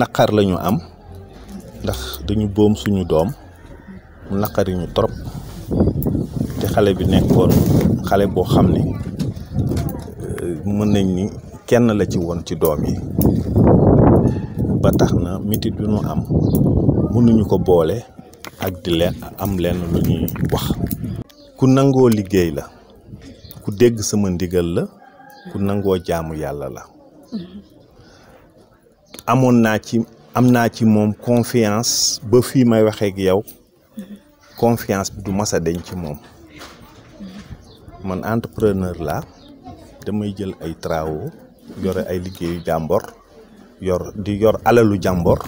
naqar lañu am ndax dañu boom suñu doom mu naqari ñu torop te xale bi nekkoon xale boo xam ne euh, mën nañ ni kenn la ci woon ci doom yi ba tax na metit bi ñu am mënuñu ko boole ak di leen am leen lu ñuy wax ku nangoo liggéey la ku dégg sama ndigal la ku nangoo jaamu yàlla la mm-hmm. amoon naa ci am naa ci moom confiance ba fii may waxee ak yow confiance bi du masa a deñ ci moom man entrepreneur laa damay jël ay travaux yore ay liggéeyu jàmbor yor di yor alalu jàmbor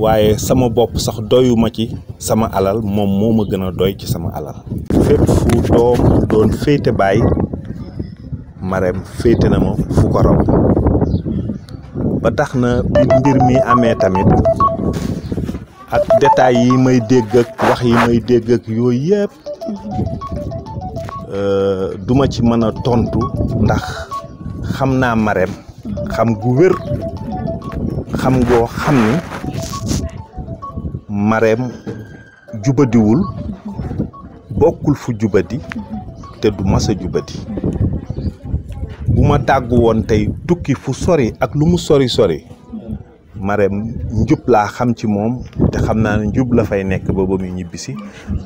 waaye sama bopp sax doyuma ci sama alal moom moo ma gën a doy ci sama alal fépp fu doom doon féete bàyyi Marème féete na ma fu ko raw ba tax na mbir mi amé tamit ak détails yi may dégg ak wax yi may dégg ak yépp euh duma ci mëna tontu ndax xamna xam gu wër xam go xamni jubadi wul bokul fu jubadi té du massa jubadi buma tàggu won tay tukki fu sori ak lu mu sori sori mare njub la xam ci mom te xam naa njub la fay nek bo bo mi ñibisi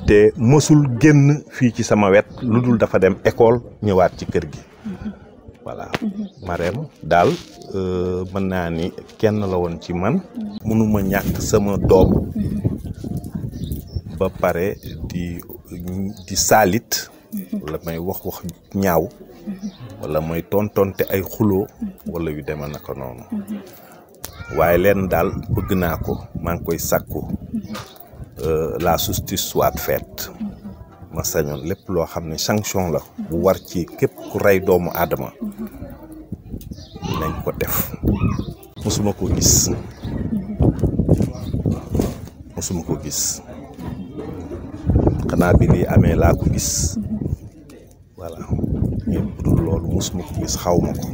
te mosul genn fi ci sama wet dafa dem école ñewat ci kër gi dal euh man na ni kenn la won ci man ñak sama doom mm-hmm. ba pare di di salite wala may wax wax ñaaw wala may tontonte ay xuloo wala yu deme ko noonu waaye leen daal bëgg naa ko maa ngi koy sàkku euh, la justice soit faite ma sañoon lépp loo xam ne sanction la bu war ci képp ku rey doomu aadama nañ ko def mësuma ko gis ko gis xanaa bi lii amee laa ko gis ñëw bu loolu mosuma ko gis xaw ma ko